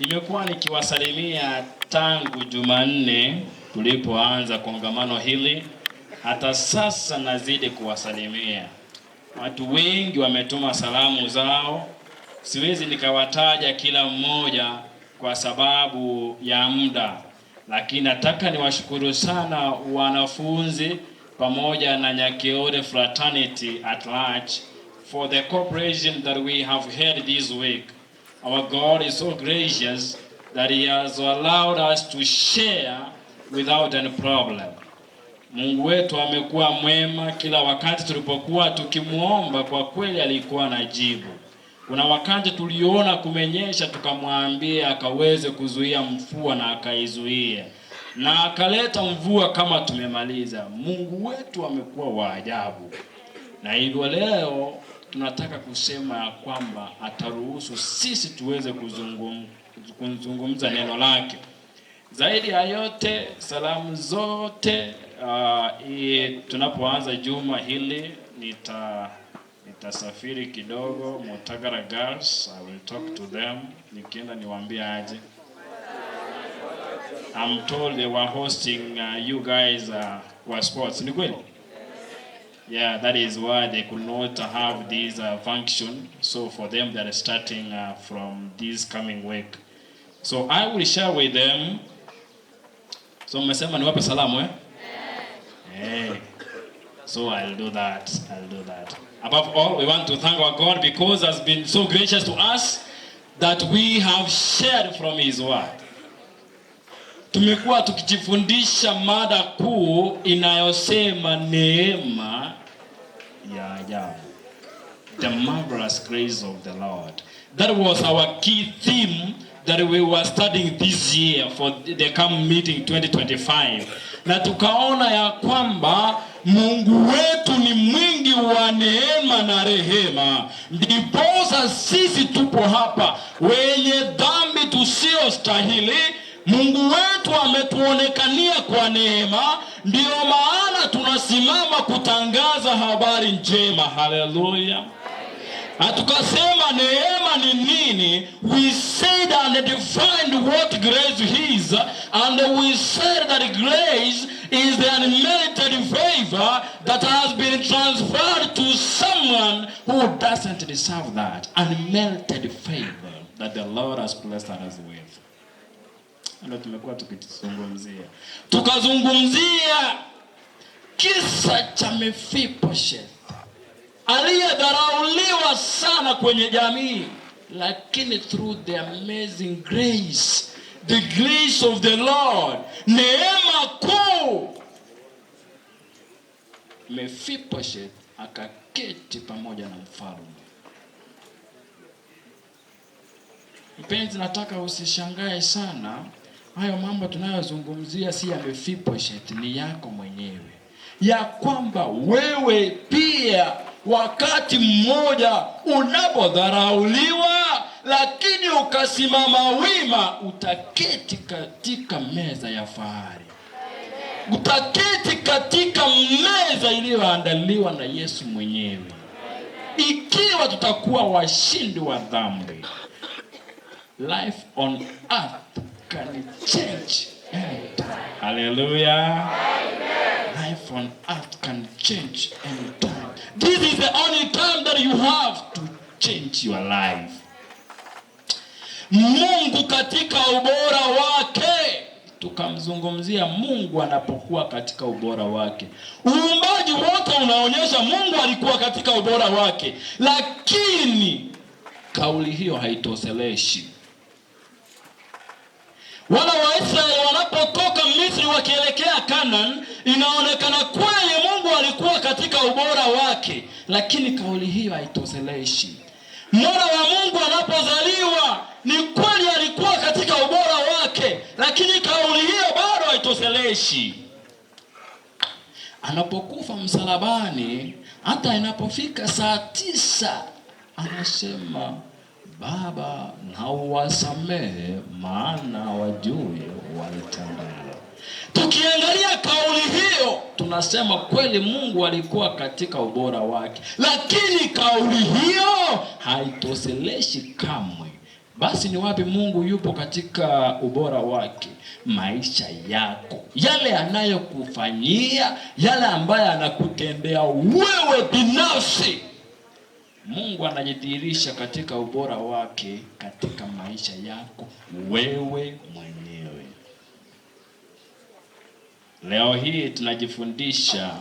Nimekuwa nikiwasalimia tangu Jumanne tulipoanza kongamano hili, hata sasa nazidi kuwasalimia. Watu wengi wametuma salamu zao, siwezi nikawataja kila mmoja kwa sababu ya muda, lakini nataka niwashukuru sana wanafunzi pamoja na Nyakeore fraternity at large for the cooperation that we have had this week. Our God is so gracious that he has allowed us to share without any problem. Mungu wetu amekuwa mwema kila wakati tulipokuwa tukimwomba, kwa kweli alikuwa na jibu. Kuna wakati tuliona kumenyesha, tukamwambia akaweze kuzuia mvua na akaizuia, na akaleta mvua kama tumemaliza. Mungu wetu amekuwa wa ajabu, na hivyo leo tunataka kusema kwamba ataruhusu sisi tuweze kuzungumza neno lake. Zaidi ya yote, salamu zote uh, tunapoanza juma hili nita nitasafiri kidogo Mutagara girls, I will talk to them. Nikienda niwaambie aje. I'm told they were hosting uh, you guys uh, were sports. Ni kweli? Yeah, that is why they could not have this uh, function. So for them, they are starting uh, from this coming week. So I will share with them. So mmesema niwape salamu eh? Hey. So I'll do that. I'll do that. Above all, we want to thank our God because has been so gracious to us that we have shared from his word. Tumekuwa tukijifundisha mada kuu inayosema neema yeah yeah The marvelous grace of the Lord. That was our key theme that we were studying this year for the come meeting 2025. Na tukaona ya kwamba Mungu wetu ni mwingi wa neema na rehema, ndiposa sisi tupo hapa wenye dhambi tusio stahili Mungu wetu ametuonekania kwa neema, ndiyo maana tunasimama kutangaza habari njema. Haleluya! Atukasema neema ni nini? We said and defined what grace is and we said that grace is the unmerited favor that has been transferred to someone who doesn't deserve that unmerited favor that the Lord has blessed us with. Ndio tumekuwa tukizungumzia, tukazungumzia kisa cha Mefiboshethi aliyedharauliwa sana kwenye jamii, lakini through the amazing grace, the grace of the Lord, neema kuu, Mefiboshethi akaketi pamoja na mfalme. Mpenzi, nataka usishangae sana hayo mambo tunayozungumzia si ya ni yako mwenyewe, ya kwamba wewe pia wakati mmoja unapodharauliwa, lakini ukasimama wima, utaketi katika meza ya fahari, utaketi katika meza iliyoandaliwa na Yesu mwenyewe, ikiwa tutakuwa washindi wa dhambi. Life on earth can change anytime. Hallelujah. Life on earth can change anytime. This is the only time that you have to change your life. Mungu katika ubora wake, tukamzungumzia Mungu anapokuwa katika ubora wake. Uumbaji wote unaonyesha Mungu alikuwa katika ubora wake, lakini kauli hiyo haitoseleshi. Wana wa Israeli wanapotoka Misri wakielekea Kanaan, inaonekana kweli Mungu alikuwa katika ubora wake, lakini kauli hiyo haitoseleshi. Mwana wa Mungu anapozaliwa ni kweli alikuwa katika ubora wake, lakini kauli hiyo bado haitoseleshi. Anapokufa msalabani, hata inapofika saa tisa anasema Baba na uwasamehe, maana wajue walitendalo. Tukiangalia kauli hiyo, tunasema kweli Mungu alikuwa katika ubora wake, lakini kauli hiyo haitoseleshi kamwe. Basi ni wapi Mungu yupo katika ubora wake? Maisha yako, yale anayokufanyia, yale ambayo anakutendea wewe binafsi Mungu anajidhihirisha katika ubora wake katika maisha yako wewe mwenyewe. Leo hii tunajifundisha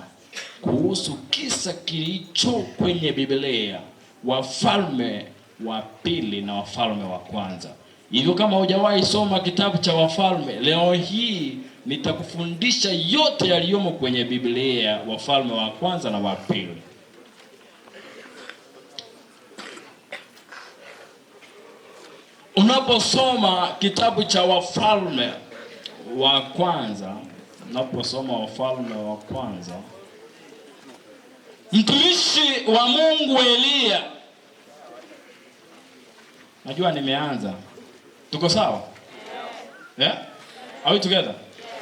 kuhusu kisa kilicho kwenye Biblia, Wafalme wa Pili na Wafalme wa Kwanza. Hivyo kama hujawahi soma kitabu cha Wafalme, leo hii nitakufundisha yote yaliyomo kwenye Biblia, Wafalme wa Kwanza na wa Pili. Unaposoma kitabu cha Wafalme wa Kwanza, unaposoma Wafalme wa Kwanza, mtumishi wa Mungu Eliya, najua nimeanza. Tuko sawa? Yeah? Are we together?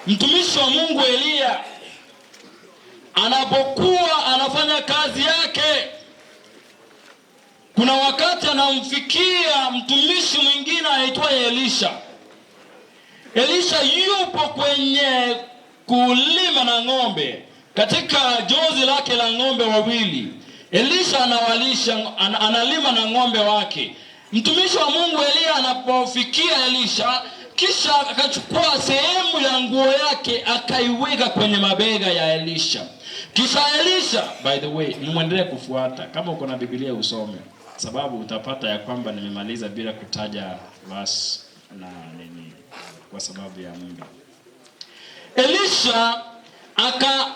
Mtumishi wa Mungu Eliya anapokuwa anafanya kazi yake, kuna wakati anamfikia mtumishi Elisha. Elisha yupo kwenye kulima na ng'ombe, katika jozi lake la ng'ombe wawili. Elisha anawalisha, an, analima na ng'ombe wake. Mtumishi wa Mungu Eliya anapofikia Elisha, kisha akachukua sehemu ya nguo yake akaiweka kwenye mabega ya Elisha. Kisha Elisha, by the way, nimwendelee kufuata. Kama uko na Biblia usome, sababu utapata ya kwamba nimemaliza bila kutaja verse na nini, kwa sababu ya Mungu. Elisha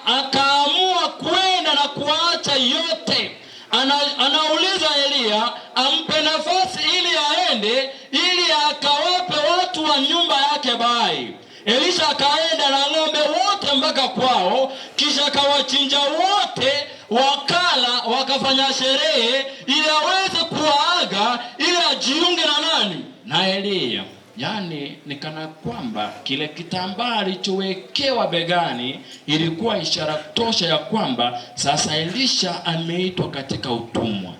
akaamua aka kwenda na kuacha yote. Ana, anauliza Eliya ampe nafasi ili aende ili akawape watu wa nyumba yake bai. Elisha akaenda na ng'ombe wote mpaka kwao, kisha akawachinja wote, wakala, wakafanya sherehe ili aweze kuwaaga ili ajiunge na nani na Eliya. Yaani ni kana kwamba kile kitambaa alichowekewa begani ilikuwa ishara tosha ya kwamba sasa Elisha ameitwa katika utumwa.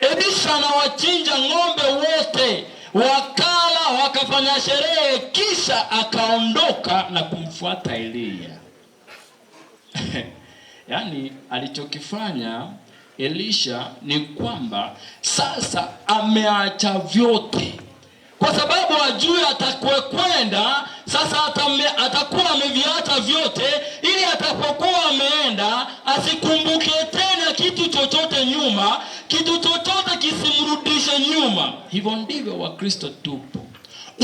Elisha na wachinja ng'ombe wote wakala, wakafanya sherehe, kisha akaondoka na kumfuata Eliya. Yaani alichokifanya Elisha ni kwamba sasa ameacha vyote, kwa sababu ajue atakokwenda. Sasa atakuwa ameviacha vyote, ili atapokuwa ameenda asikumbuke tena kitu chochote nyuma, kitu chochote kisimrudishe nyuma. Hivyo ndivyo Wakristo tupo.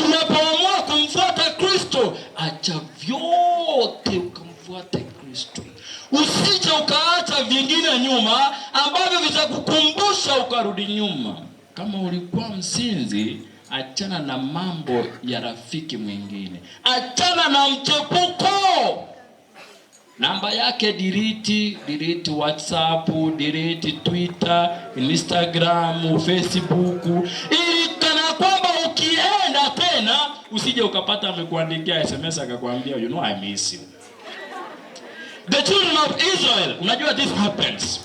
Unapoamua kumfuata Kristo, acha vyote ukamfuate Kristo usije ukaacha vingine nyuma ambavyo vitakukumbusha ukarudi nyuma. Kama ulikuwa msinzi, achana na mambo ya rafiki mwingine, achana na mchepuko namba yake delete, delete WhatsApp, delete Twitter, Instagram, Facebook, ili kana kwamba ukienda tena usije ukapata amekuandikia SMS akakwambia you know I miss you the children of Israel. Unajua this happens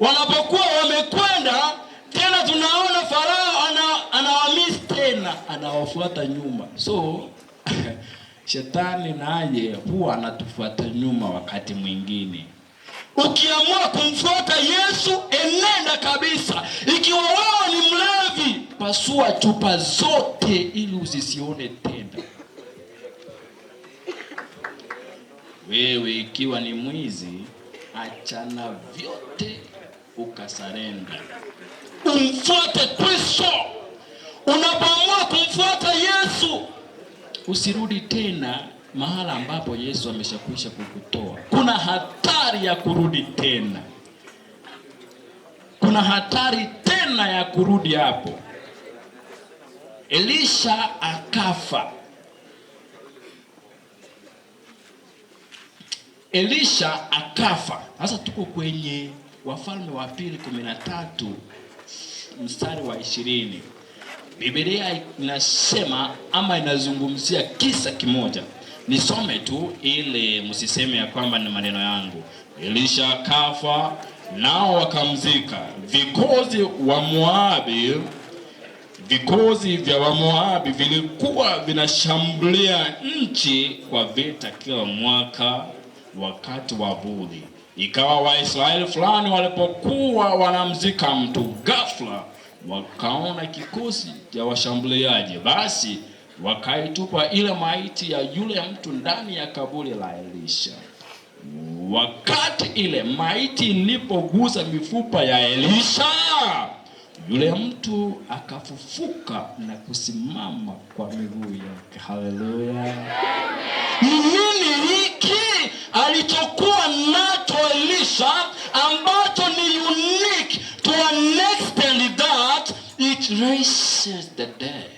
wanapokuwa wamekwenda tena, tunaona Farao ana, anawamis tena anawafuata nyuma, so shetani naye huwa anatufuata nyuma wakati mwingine. Ukiamua kumfuata Yesu, enenda kabisa. Ikiwa wao ni mlevi, pasua chupa zote ili usisione tena. Wewe ikiwa ni mwizi, achana vyote ukasarenda, umfuate Kristo. Unapoamua kumfuata Yesu, usirudi tena mahala ambapo Yesu ameshakwisha kukutoa. Kuna hatari ya kurudi tena, kuna hatari tena ya kurudi hapo. Elisha akafa Elisha akafa. Sasa tuko kwenye Wafalme wa Pili 13 mstari wa ishirini. Biblia inasema ama inazungumzia kisa kimoja. Nisome tu ili msiseme ya kwamba ni maneno yangu. Elisha akafa, nao wakamzika. Vikozi wa Moabi, vikozi vya Wamoabi vilikuwa vinashambulia nchi kwa vita kila mwaka wakati wa vuli, ikawa Waisraeli fulani walipokuwa wanamzika mtu, ghafla wakaona kikosi cha washambuliaji, basi wakaitupa ile maiti ya yule mtu ndani ya kaburi la Elisha. Wakati ile maiti ilipogusa mifupa ya Elisha, yule mtu akafufuka na kusimama kwa miguu yake. Haleluya! Ni nini hiki? kile alichokuwa nacho Elisha ambacho ni unique to an extent that it raises the dead.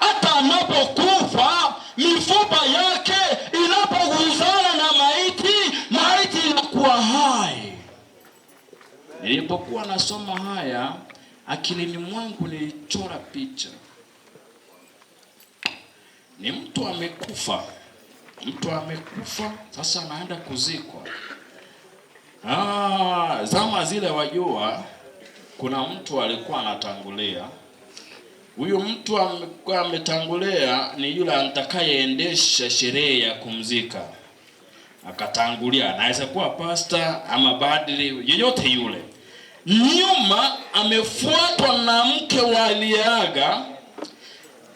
Hata anapokufa mifupa yake inapoguzana na maiti, maiti inakuwa hai. Nilipokuwa nasoma haya, akilini mwangu nilichora picha, ni mtu amekufa mtu amekufa sasa anaenda kuzikwa. Ah, zama zile wajua, kuna mtu alikuwa anatangulia. Huyu mtu amekuwa ametangulia ni yule atakayeendesha sherehe ya kumzika, akatangulia. Anaweza kuwa pasta ama badri, yeyote yule. Nyuma amefuatwa na mke wa aliyeaga,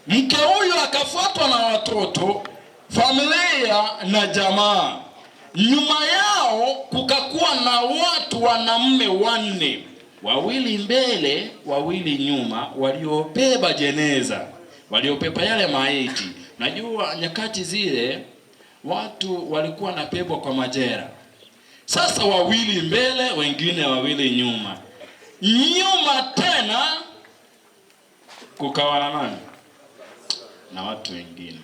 mke huyo akafuatwa na watoto familia na jamaa. Nyuma yao kukakuwa na watu wanaume wanne, wawili mbele, wawili nyuma, waliobeba jeneza, waliobeba yale maiti. Najua nyakati zile watu walikuwa napebwa kwa majera. Sasa wawili mbele, wengine wawili nyuma, nyuma tena kukawa na nani na watu wengine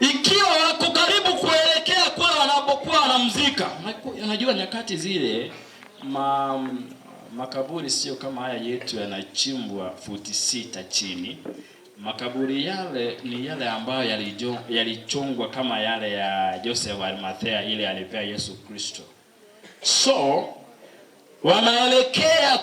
ikiwa wako karibu kuelekea kule wanapokuwa wanamzika. Unajua nyakati zile ma, makaburi sio kama haya yetu yanachimbwa futi sita chini. Makaburi yale ni yale ambayo yalichongwa yali kama yale ya Joseph Arimathea ile alipea Yesu Kristo. So wanaelekea